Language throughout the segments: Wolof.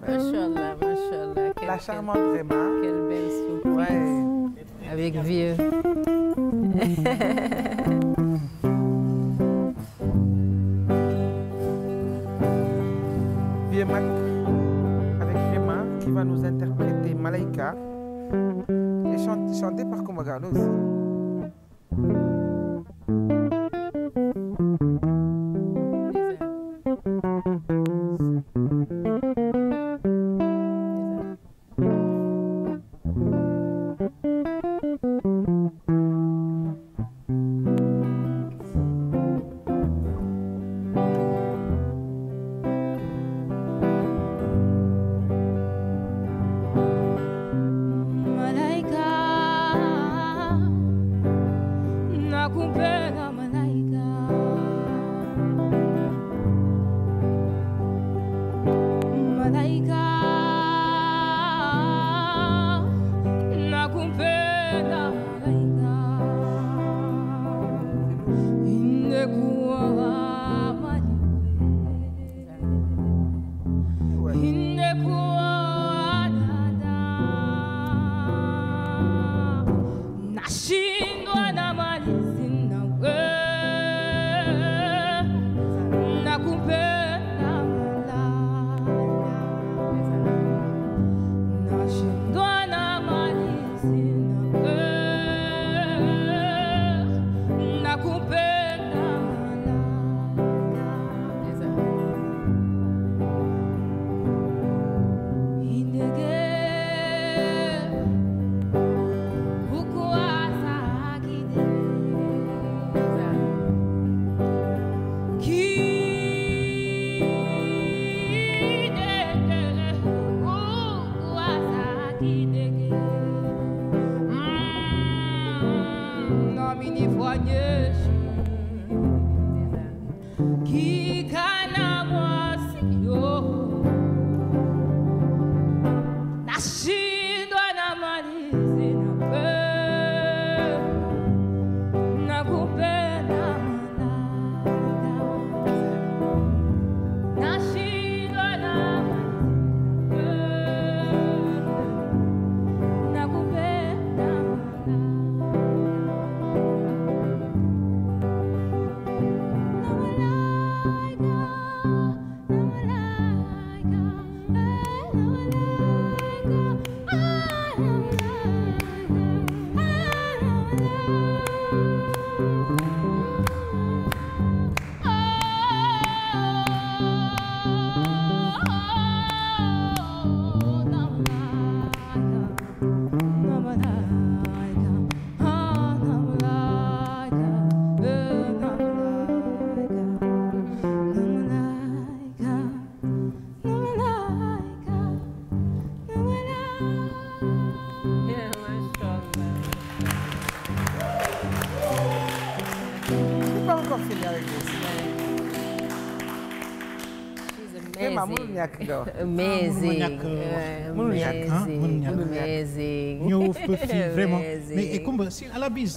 Machallah, machallah. La charmante Réma. Quelle belle surprise. Ouais. Avec vieux. avec Réma qui va nous interpréter Malaika et chanté par Komagano aussi. Um ah, vraiment mënul ñàkk nga wax. mënul ñàkk mënul ñàkk ah mënul ñàkk ñëw fi vraiment mais et à la bise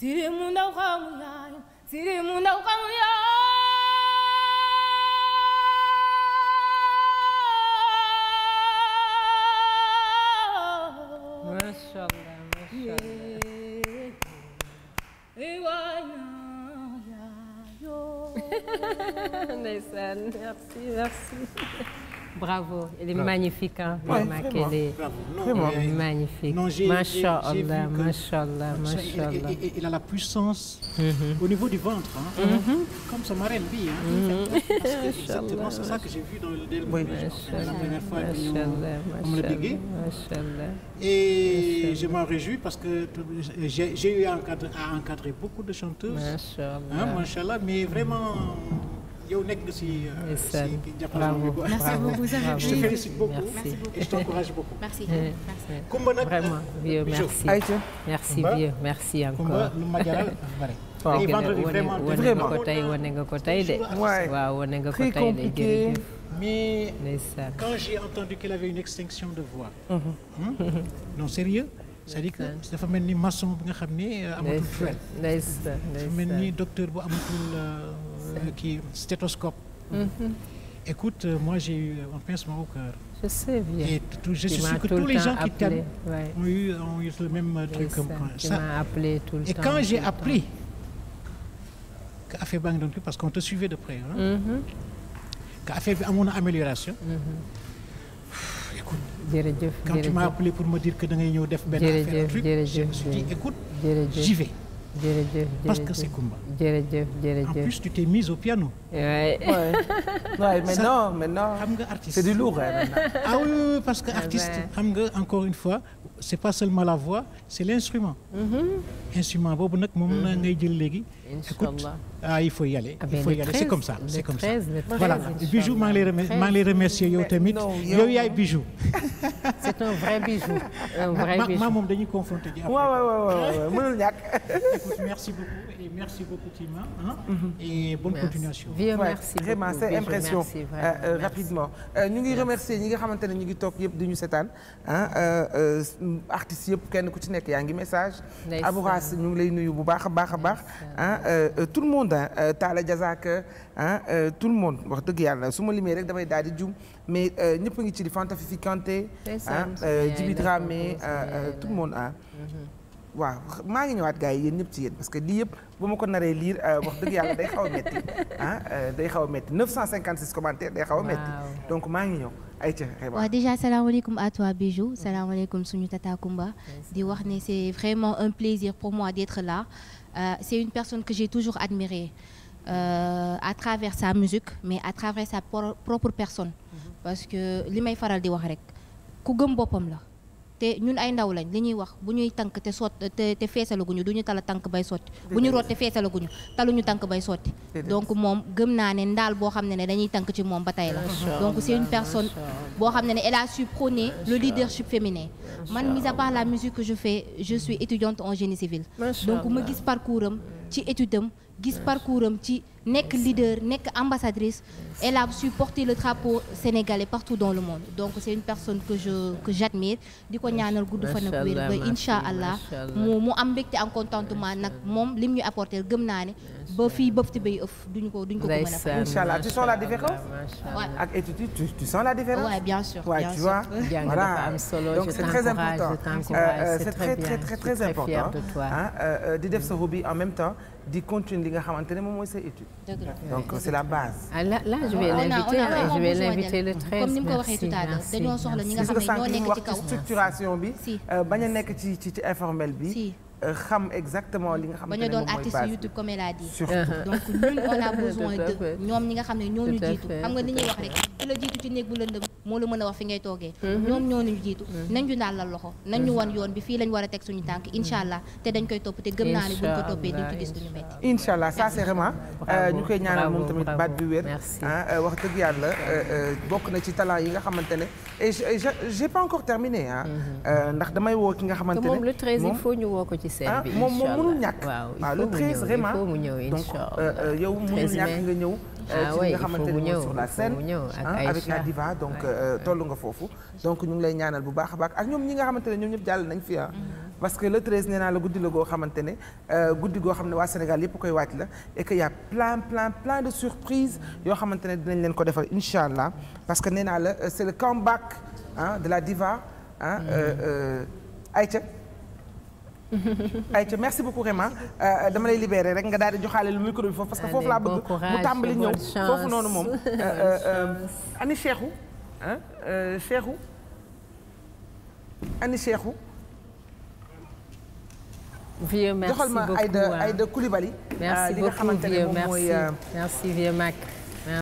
siri mu ndaw xamul yaayam siri mu ndaw xamul yaayam macha Bravo, elle est Bravo. magnifique hein. Ouais, vraiment. Elle est vraiment. Elle est magnifique. Machallah, machallah, machallah. Il a la puissance mm-hmm. au niveau du ventre hein. Mm-hmm. Comme sa marraine bi hein. Parce mhm. que exactement c'est ça que j'ai vu dans le début. Oui, la première fois qu'on l'a bégayé. Machallah. Et je m'en réjouis parce que j'ai j'ai eu à encadrer, à encadrer beaucoup de chanteuses. Machallah. Hein, machallah, mais vraiment yow nekk nga si. Euh, si jàppale bi merci beaucoup je te félicite beaucoup et je t'encourage beaucoup. merci merci. Kumba nag vraiment euh, vieux merci. ayca merci vieux merci encore. Kumba lu ma jaral bari. waaw wane nga ko tey wane nga ko tey de. waaw wane nga ko tey de jërëjëf. mais quand j'ai entendu qu'il avait une extinction de voix. Mm-hmm. non sérieux c'est-à-dire que dafa mel ni maçon bi nga xam ne euh, amatul. ndeysaan ndeysaan dafa mel ni docteur bu amatul. ki euh, stéthoscope. Mhm. Écoute, euh, moi j'ai eu un euh, pincement au cœur. Je Et je suis que tous les gens appelé, qui t'aiment ouais. ont, eu, ont, eu, le même truc Et quand j'ai appris qu'Affaire Bang Donk, parce qu'on te suivait de près, hein, mm -hmm. qu'Affaire a mon amélioration, mm -hmm. écoute, quand tu m'as appelé pour me dire que tu allais venir faire un truc, je me suis dit, écoute, jërëjëf parce que c'est Kumba. jërëjëf jërëjëf en plus tu t'es mise au piano. Ouais. Ouais. non mais non mais non. xam nga artiste c'est du lourd. ah oui oui parce que ah artiste. xam nga encore une fois c'est pas seulement la voix c'est l'instrument mhm. instrument boobu nag moom na mhm. ngay jël léegi écoute ah il faut y aller ah c'est comme ça c'est comme ça voilà bijou maa ngi lay maa ngi lay remercier bijou c'est un vrai bijou un vrai bijou maa moom dañuy confronté ji merci beaucoup et merci beaucoup mhm. et bonne continuation merci vraiment c'est impression euh, euh, rapidement euh, ñu ngi remercier ñi nga xamante ne ñu ngi toog yëpp duñu seetaan artistes yëpp kenn ku ci nekk yaa ngi message Abouraas ñu ngi lay nuyu bu baax a baax a baax ah euh, euh, tout le monde ah Talla tout le monde wax dëgg yàlla su ma limee rek damay daal di jum mais ñëpp ngi ci di Fanta Fifi Kanté ah Djibi Dramé tout le monde ah waaw maa ngi ñëwaat gars ñëpp ci yéen parce que lii yëpp bu ma ko naree liir wax dëgg yàlla day xaw a day xaw a métti 956 commentaires day xaw a métti donc maa ngi ñëw ayca waaw déjà salaamaaleykum à toi Bijou salaamaaleykum suñu tata Kumba di wax ne c'est vraiment un plaisir pour moi d'être là euh, c'est une personne que j'ai toujours admirée euh, à travers sa musique mais à travers sa propre personne mm-hmm. parce que li may faral di wax rek ku gëm boppam la te ñun ay ndaw lañ wax bu ñuy tànk te sot te te feesalaguñu du ñu tala tànk bay sotti bu ñu root te feesalaguñu taluñu tànk bay sotti donc moom gëm naa ne ndaal boo xam ne ne dañuy tànk ci moom ba tey la donc c'est une personne boo xam ne ne elle a su prôner le leadership féminin man mis à part la musique je fais je suis étudiante en génie civil donc ma gis parcours am ci étude gis parcours am ci nekk leader nekk ambassadrice elle a su porter le drapeau sénégalais partout dans le monde donc c'est une personne que je que j'admire di ko ñaanal gudd fan ak wér incha allah mu mu am mbégte en contentement nag moom lim ñu apporter gëm naa ne ba fii bëf ti bay ëf duñu ko duñ ko mën a incha allah tu sens la différence waaw tu tu la différence waaw bien sûr bien sûr voilà donc c'est très important euh, euh, c'est très important euh, di def sa hobby en même temps di continuer li nga xamante ne moom mooy sa étude donc c'est la base. ah là, là je vais ah, l'inviter je comme ni mu ko waxee tout à l'heure dañoo soxla ñi nga xam ne ñoo nekk ci kaw structuration euh, a nekk ci informel bi. si euh, xam exactement li nga xam ne ba ñu doon artiste YouTube comme elle a dit. surtout uh-huh. donc ñun on a besoin de ñoom ñi nga xam ne ñoo jiitu. xam nga li ñuy wax rek ku la jiitu ci néeg bu lëndëm moo la mën a wax fi ngay toogee mhm. ñoom ñoo ñu jiitu mhm. nañ ñu ndàllal loxo mhm. nañ ñu wan yoon bi fii lañ war a teg suñu tànk incha allah te dañ koy topp te gëm naa ne buñ ko toppee duñ ci euh, ñu koy ñaanal moom tamit baat bi wér ah euh, wax dëgg yàlla euh, bokk na ci talent yi nga xamante ne et j'ai pas encore ah. ndax damay woo ki nga xamante ne moom le treize il faut ko ci scène ah, bi moom moom mënul ñàkk waaw ah, le treize vraiment yow mënul ñàkk nga ñëw Ah euh, ci nga xamante ni mooy sur la scène ah, avec la diva donc euh, toll nga foofu donc ñu ngi lay ñaanal bu baax a baax ak ñoom ñi nga xamante ne ñoom ñëpp jàll nañ fi ah mm-hmm. parce que le 13 nee naa la guddi la goo xamante ne euh, guddi goo xam ne waa Sénégal yëpp koy waaj la et que y a plein plein plein de surprises yoo xamante ne dinañ leen ko defal incha allah parce que nee naa la c'est le comeback ah de la diva ah Aïcha ayca merci beaucoup Réma euh, dama lay libéré rek nga daal di joxaale lu micro bi foofu parce que foofu laa bëgg mu tàmbali ñëw foofu noonu moom euh, euh, ani Cheikhou ah Cheikhou ani Cheikhou vieux merci beaucoup joxal ma li nga xamante ne moom mooy